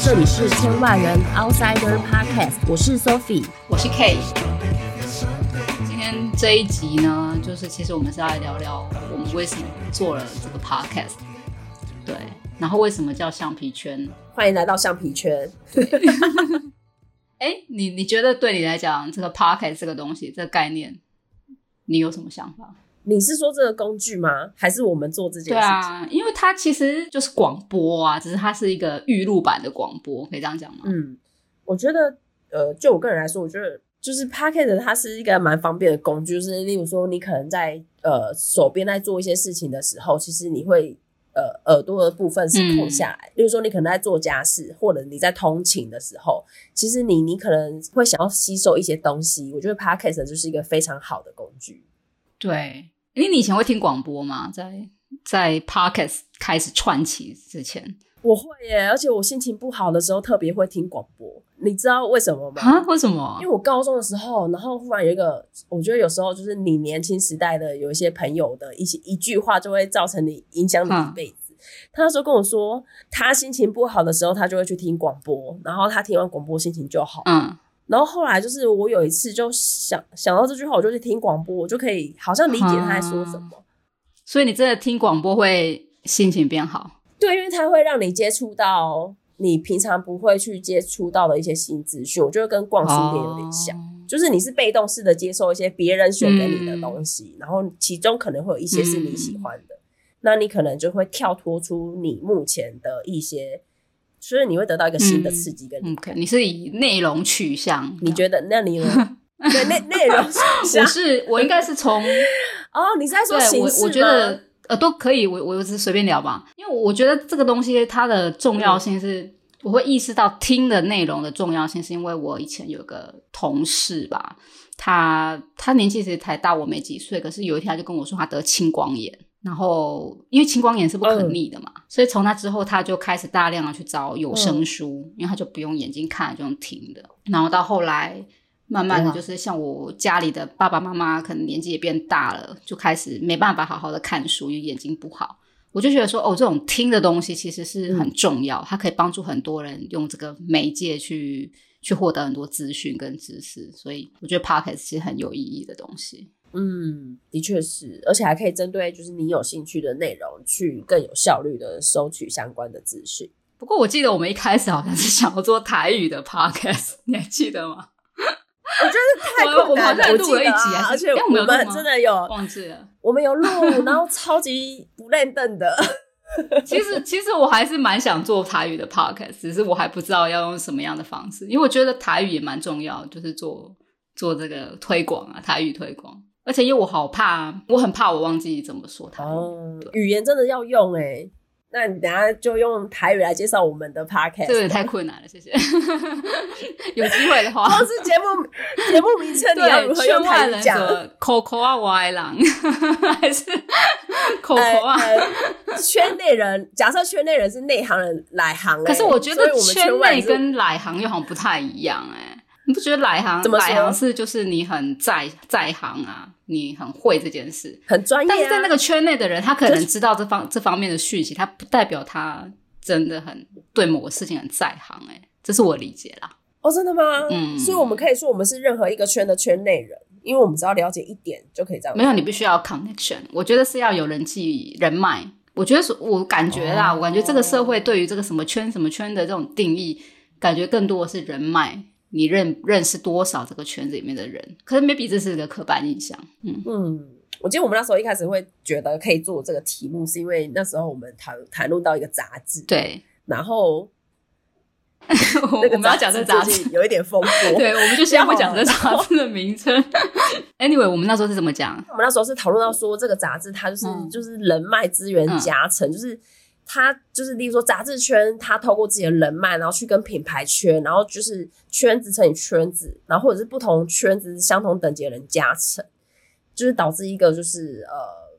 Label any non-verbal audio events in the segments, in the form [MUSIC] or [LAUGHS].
這裡是圈外人 Outsider Podcast，我是 Sophie，我是 K。今天這一集呢，就是其實我們是要來聊聊我們為什麼做了這個 Podcast，對。然後為什麼叫橡皮圈？歡迎來到橡皮圈。對。哎、 [LAUGHS] 欸，你你覺得對你來講，這個 Podcast 這個東西，這個概念，你有什麼想法？你是說這個工具嗎？還是我們做這件事情？對啊，因為它其實就是廣播啊，只是它是一個預錄版的廣播，可以這樣講嗎？嗯，我覺得，呃，就我個人來說，我覺得就是 Podcast 它是一個蠻方便的工具，就是例如說，你可能在呃手邊在做一些事情的時候，其實你會呃耳朵的部分是空下來，嗯，例如說你可能在做家事，或者你在通勤的時候，其實你你可能會想要吸收一些東西，我覺得 Podcast 就是一個非常好的工具。對，因為你以前會聽廣播嘛，在在 Podcast 開始串起之前，我會耶，而且我心情不好的時候特別會聽廣播，你知道為什麼嗎？啊，為什麼？因為我高中的時候，然後忽然有一個，我覺得有時候就是你年輕時代的有一些朋友的一些一句話，就會造成你影響你一輩子。嗯、他那時候跟我說，他心情不好的時候，他就會去聽廣播，然後他聽完廣播心情就好。嗯。然後後來就是我有一次就想，想到這句話，我就去聽廣播，我就可以好像理解他在說什麼。嗯。所以你真的聽廣播會心情變好？對，因為它會讓你接觸到你平常不會去接觸到的一些新資訊。我覺得跟逛書店有點像。哦，就是你是被動式的接受一些別人選給你的東西。嗯，然後其中可能會有一些是你喜歡的，嗯，那你可能就會跳脫出你目前的一些。所以你會得到一個新的刺激、嗯、跟你、嗯 okay. 你是以內容取向，嗯、你覺得那你呢？ [LAUGHS] 對，內內容取向， [LAUGHS] 我是我應該是從 [LAUGHS] 哦，你是在說對，形式嗎？我，我覺得呃，都可以，我我就是隨便聊吧。因為我覺得這個東西它的重要性是，我會意識到聽的內容的重要性，是因為我以前有個同事吧，他他年紀其實才大我沒幾歲，可是有一天他就跟我說他得青光眼。然後，因為青光眼是不可逆的嘛，嗯、所以從那之後，他就開始大量的去找有聲書，嗯、因為他就不用眼睛看，就用聽的。然後到後來，慢慢的就是像我家裡的爸爸媽媽，嗯、可能年紀也變大了，就開始沒辦法好好的看書，因為眼睛不好。我就覺得說，哦，這種聽的東西其實是很重要，嗯、它可以幫助很多人用這個媒介去去獲得很多資訊跟知識。所以，我覺得 Podcast 是很有意義的東西。嗯，的確是，而且還可以針對就是你有興趣的內容去更有效率的收取相關的資訊。不過我記得，我們一開始好像是想要做台語的 podcast，你還記得嗎？我覺得太困難了，我，好像還錄了一集啊，我記得、啊是而我們，而且我們真的有忘記，我們有錄，然後超級不認真的。 [LAUGHS] 其實，其實我還是蠻想做台語的 podcast，只是我還不知道要用什麼樣的方式，因為我覺得台語也蠻重要，就是做。做這個推廣啊，台語推廣，而且因為我好怕，我很怕我忘記怎麼說台語。哦，語言真的要用哎、欸，那你等下就用台語來介紹我們的 p a c a s t 也太困難了。謝謝， [LAUGHS] 有機會的話。哦，是節目節目名稱你要如何講？Coco 啊，外郎還是 Coco 啊？圈內人，假設圈內人是內行人，來行、欸。可是我覺得圈內跟來行又好像不太一樣哎、欸。你不覺得在行？怎麼說？在行是就是你很在在行啊，你很會這件事，很專業、啊。但是在那個圈內的人，他可能知道這方這、這方面的訊息，他不代表他真的很對某個事情很在行、欸。誒這是我理解啦。哦，真的嗎？嗯。所以我們可以說，我們是任何一個圈的圈內人，因為我們只要了解一點就可以這樣。沒有，你必須要 connection。我覺得是要有人際人脈。我覺得，我感覺啦、哦，我感覺這個社會對於這個什麼圈什麼圈的這種定義，感覺更多的是人脈。你認認識多少這個圈子裡面的人？可是 maybe 這是一個刻板印象。嗯，嗯，我記得我們那時候一開始會覺得可以做這個題目，是因為那時候我們談談論到一個雜誌。對，然後我們要講這個雜誌有一點風波。 [LAUGHS] [LAUGHS] 對，我們就先不講這雜誌的名稱。 [LAUGHS] anyway，我們那時候是怎麼講？我們那時候是討論到說這個雜誌它就是、嗯、就是人脈資源加成，嗯、就是。他就是，例如說雜誌圈，他透過自己的人脈，然後去跟品牌圈，然後就是圈子乘以圈子，然後或者是不同圈子相同等級的人加成，就是導致一個就是呃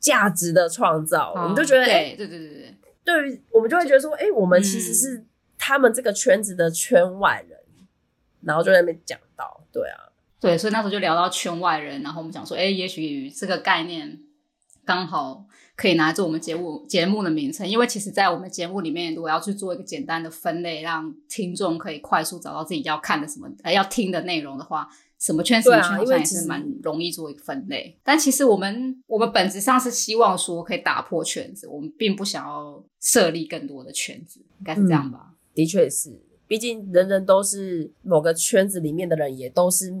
價值的創造、哦。我們就覺得，對對對對對，對於我們就會覺得說，哎，我們其實是他們這個圈子的圈外人、嗯，然後就在那邊講到，對啊，對，所以那時候就聊到圈外人，然後我們講說，哎，也許這個概念。剛好可以拿來做我們節目節目的名稱，因為其實，在我們節目裡面，如果要去做一個簡單的分類，讓聽眾可以快速找到自己要看的什麼、呃、要聽的內容的話，什麼圈子的、啊、圈，好像也是蠻容易做一個分類。但其實我們，我們本質上是希望說，可以打破圈子，我們並不想要設立更多的圈子，應該是這樣吧、嗯？的確是，畢竟人人都是某個圈子裡面的人，也都是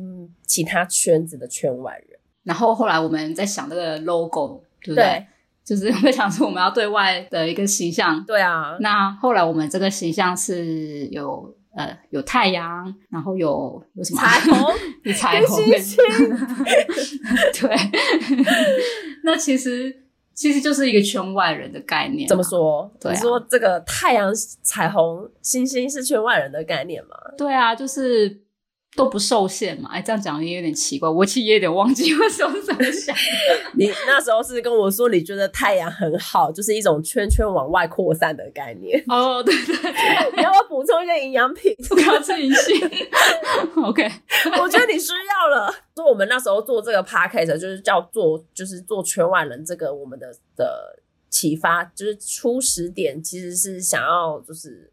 其他圈子的圈外人。然後後來我們在想這個 logo。對，對，對，就是會想說我們要對外的一個形象。對啊，那後來我們這個形象是有呃有太陽，然後有有什麼彩虹， [LAUGHS] 彩虹、彩虹、 [LAUGHS] [LAUGHS] 對， [LAUGHS] 那其實其實就是一個圈外人的概念。怎麼說？對啊。你說這個太陽、彩虹、星星是圈外人的概念嗎？對啊，就是。都不受限嘛？哎、欸，這樣講也有點奇怪。我其實也有點忘記我怎麼想 [LAUGHS] 你那時候是跟我說，你覺得太陽很好，就是一種圈圈往外擴散的概念。哦、oh,，對對。 [LAUGHS] 你要不要補充一些營養品？不要吃一些 OK， [LAUGHS] [LAUGHS] 我覺得你需要了。 [LAUGHS] 所以，我們那時候做這個 Podcast 就是叫做就是做圈外人這個我們的的啟發，就是初始點其實是想要就是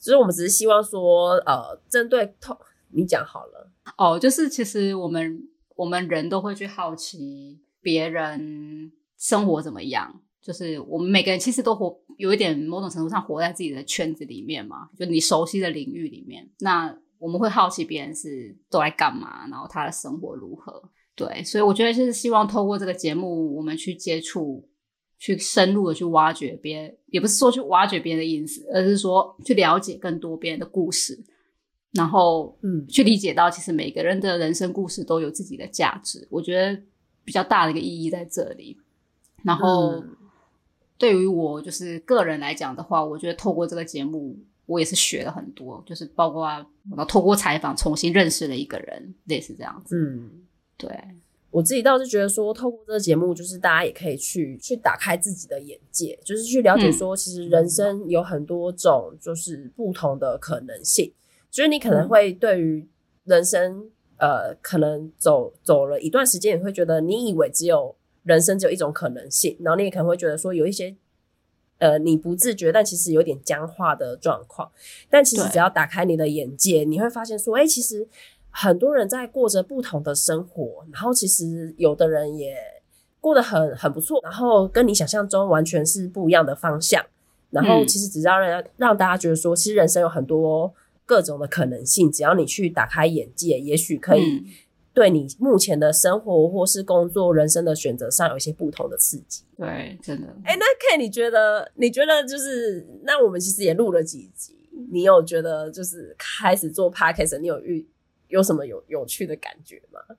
就是我們只是希望說，呃，針對通。你講好了哦，oh, 就是其實我們我們人都會去好奇別人生活怎麼樣，就是我們每個人其實都活有一點某種程度上活在自己的圈子裡面嘛，就你熟悉的領域裡面,那我們會好奇別人是都在幹嘛,然後他的生活如何？對,所以我覺得就是希望透過這個節目,我們去接觸,去深入的去挖掘別人,也不是說去挖掘別人的隱私,而是說去了解更多別人的故事。然後，嗯，去理解到，其實每個人的人生故事都有自己的價值，我覺得比較大的一個意義在這裡。然後，對於我就是個人來講的話，我覺得透過這個節目，我也是學了很多，就是包括啊，然後透過採訪重新認識了一個人，類似這樣子。嗯，對，我自己倒是覺得說，透過這個節目，就是大家也可以去去打開自己的眼界，就是去了解說，嗯，其實人生有很多種，就是不同的可能性。所以你可能會對於人生、嗯，呃，可能走走了一段時間，你會覺得你以為只有人生只有一種可能性，然後你也可能會覺得說有一些，呃，你不自覺，但其實有點僵化的狀況。但其實只要打開你的眼界，你會發現說，哎、欸，其實很多人在過着不同的生活，然後其實有的人也過得很很不錯，然後跟你想象中完全是不一樣的方向。然後其實只要讓人、嗯、讓大家覺得說，其實人生有很多。各種的可能性，只要你去打開眼界，也許可以對你目前的生活或是工作，人生的選擇上有一些不同的刺激。對，真的。哎、欸，那 K，你覺得？你覺得就是那我們其實也錄了幾集，你有覺得就是開始做 Podcast，你有遇有什麼有有趣的感覺嗎？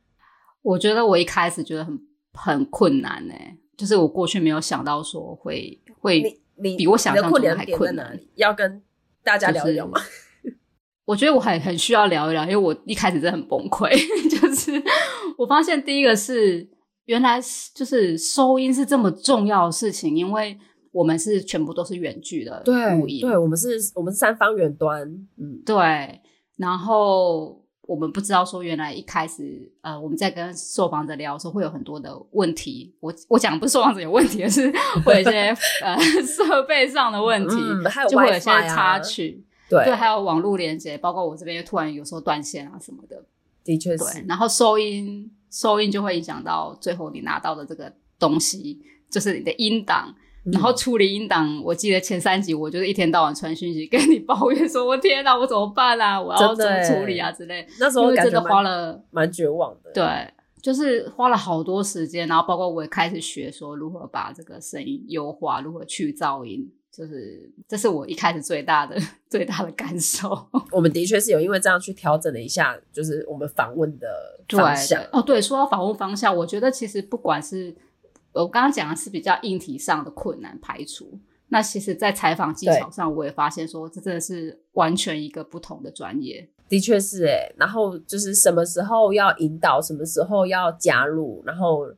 我覺得我一開始覺得很很困難呢、欸，就是我過去沒有想到說會會你你比我想象中還困難，困難，要跟大家聊一聊嗎？就是我覺得我很很需要聊一聊，因為我一開始真的很崩潰。就是我發現第一個是原來就是收音是這麼重要的事情，因為我們是全部都是遠距的錄音，對對，我們是我們是三方遠端，嗯，對。然後我們不知道說原來一開始呃，我們在跟受訪者聊的時候會有很多的問題。我我講不是受訪者有問題，而是會有一些 [LAUGHS] 呃設備上的問題，嗯有啊、就會有一些插曲。啊對，對，還有網絡連接，包括我這邊又突然有時候斷線啊什麼的，的確是。對，然後收音收音就會影響到最後你拿到的這個東西，就是你的音檔，嗯。然後處理音檔，我記得前三集，我就是一天到晚傳訊息跟你抱怨說，說 [LAUGHS] 我天哪，我怎麼辦啊？我要怎麼處理啊？之類。那時候我感覺真的花了蠻，蠻絕望的。對，就是花了好多時間，然後包括我也開始學說如何把這個聲音優化，如何去噪音。就是，這是我一開始最大的、最大的感受。我們的確是有因為這樣去調整了一下，就是我們訪問的方向。對對哦，對，說到訪問方向，我覺得其實不管是我剛剛講的是比較硬體上的困難排除，那其實在採訪技巧上，我也發現說這真的是完全一個不同的專業。的確是、欸，哎，然後就是什麼時候要引導，什麼時候要加入，然後。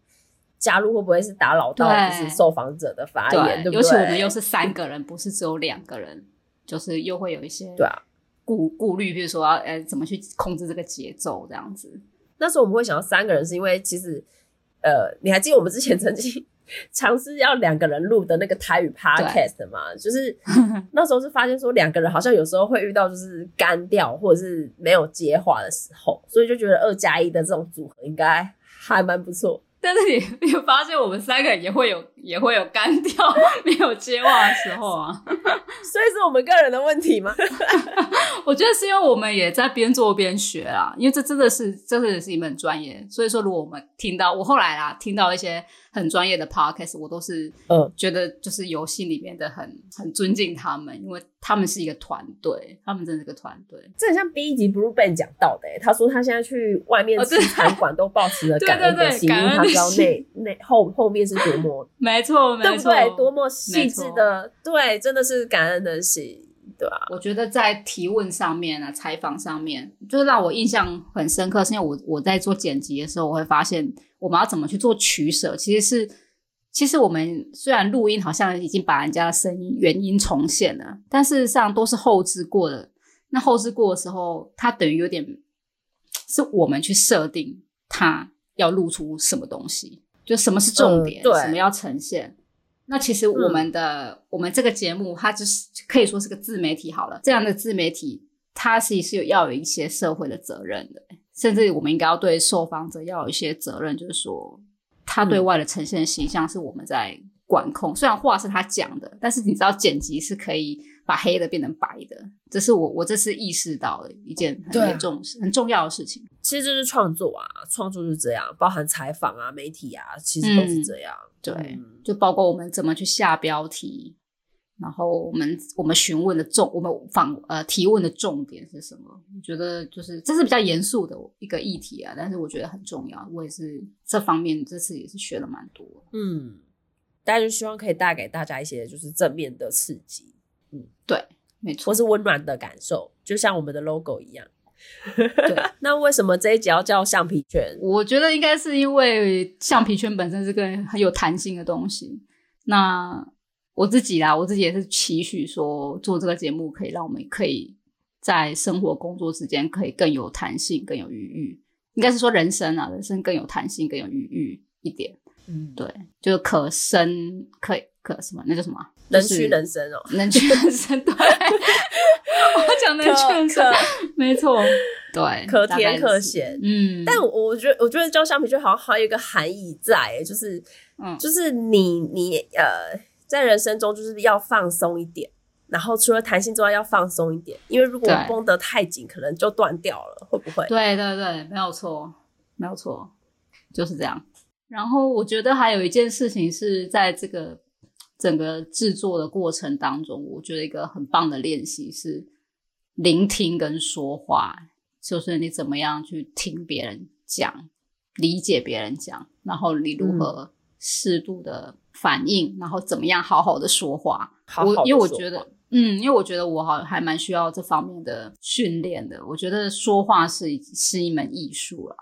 加入會不會是打擾到就是受訪者的發言？對，對不對？對，尤其我們又是三個人，不是只有兩個人，就是又會有一些對啊，顧顧慮，比如說要哎、呃，怎麼去控制這個節奏這樣子。那時候我們會想到三個人，是因為其實呃你還記得我們之前曾經嘗試要兩個人錄的那個台語 podcast 嗎？就是 [LAUGHS] 那時候是發現說，兩個人好像有時候會遇到就是乾掉或者是沒有接話的時候，所以就覺得二加一的這種組合應該還蠻不錯。嗯但是你你發現，我們三個也會有。也會有乾掉沒有接話的時候啊， [LAUGHS] 所以是我們個人的問題嗎？ [LAUGHS] [LAUGHS] 我覺得是因為我們也在邊做邊學啊，因為這真的是這真的是是一門專業，所以說如果我們聽到我後來啊，聽到一些很專業的 podcast，我都是呃覺得就是遊戲裡面的很很尊敬他們，因為他們是一個團隊，他們真的是個團隊，這很像 B 級 Blue Band 講到的、欸，他說他現在去外面吃餐館都保持著感恩的 [LAUGHS] 對，對對對，心，因為他知道那那 [LAUGHS] 後後面是多麼。 [LAUGHS] 沒錯，對不對？多麼細緻的，對，真的是感恩的心，對吧、啊？我覺得在提問上面啊，採訪上面，就是讓我印象很深刻。現在我我在做剪輯的時候，我會發現我們要怎麼去做取捨，其實是，其實我們雖然錄音好像已經把人家的聲音原音重現了，但事實上都是後製過的。那後製過的時候，它等於有點是我們去設定它要露出什麼東西。就什麼是重點，嗯，對，什麼要呈現。那其實我們的，我們這個節目，它就是可以說是個自媒體好了。這樣的自媒體，它其實有要有一些社會的責任的，甚至我們應該要對受訪者要有一些責任，就是說他對外的呈現形象是我們在管控。嗯。雖然話是他講的，但是你知道剪輯是可以，把黑的變成白的，這是我我這次意識到的一件很，很重視、啊、很重要的事情。其實就是創作啊，創作是這樣，包含採訪啊、媒體啊，其實都是這樣。嗯、對、嗯，就包括我們怎麼去下標題，然後我們我們詢問的重，我們訪呃提問的重點是什麼？我覺得就是這是比較嚴肅的一個議題啊，但是我覺得很重要。我也是這方面這次也是學了蠻多的。嗯，大家就希望可以帶給大家一些就是正面的刺激。嗯，對，沒錯，或是溫暖的感受，就像我們的 logo 一樣。 [LAUGHS] 對 [LAUGHS] 那為什麼這一集要叫橡皮圈？我覺得應該是因為橡皮圈本身是個很有彈性的東西。那我自己啦，我自己也是期許說，做這個節目可以讓我們可以在生活、工作之間可以更有彈性、更有餘裕。應該是說人生啊，人生更有彈性、更有餘裕一點。嗯，對，就是可伸，可以可什麼？那叫什麼？能屈能伸哦、喔就是，能屈能伸 [LAUGHS] 對， [LAUGHS] 我講能屈能伸沒錯，對，可甜可鹹、就是，嗯，但我覺我覺得叫橡皮筋好像還有一個含義在、欸，就是，嗯，就是你你呃，在人生中就是要放鬆一點，然後除了彈性之外要放鬆一點，因為如果繃得太緊，可能就斷掉了，會不會？對對對，沒有錯，沒有錯，就是這樣。然後我覺得還有一件事情是在這個。整個製作的過程當中，我覺得一個很棒的練習是聆聽跟說話，就是你怎麼樣去聽別人講，理解別人講，然後你如何適度的反應，嗯，然後怎麼樣好好的說話。好好的說話。我，因為我覺得，嗯，因為我覺得我好還蠻需要這方面的訓練的。我覺得說話是是一門藝術了、啊。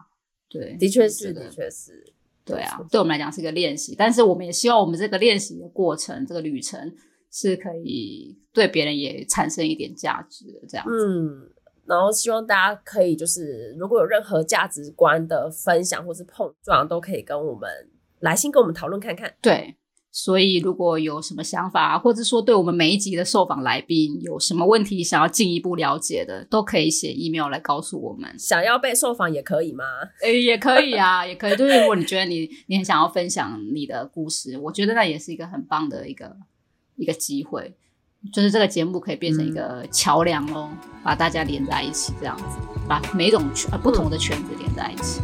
對，的確是，的確是。對啊，對我們來講是一個練習，但是我們也希望我們這個練習的過程，這個旅程是可以對別人也產生一點價值的，這樣。嗯，然後希望大家可以就是，如果有任何價值觀的分享或是碰撞，都可以跟我們，來信跟我們討論看看。對。所以，如果有什麼想法，或者說，對我們每一集的受訪來賓有什麼問題想要進一步了解的，都可以寫 email 來告訴我們。想要被受訪也可以嗎？誒、欸，也可以啊， [LAUGHS] 也可以。就是如果你覺得你、欸、你很想要分享你的故事，我覺得那也是一個很棒的一個一個機會。就是這個節目可以變成一個橋樑咯、哦嗯，把大家連在一起，這樣子，把每一種不同的圈子連在一起。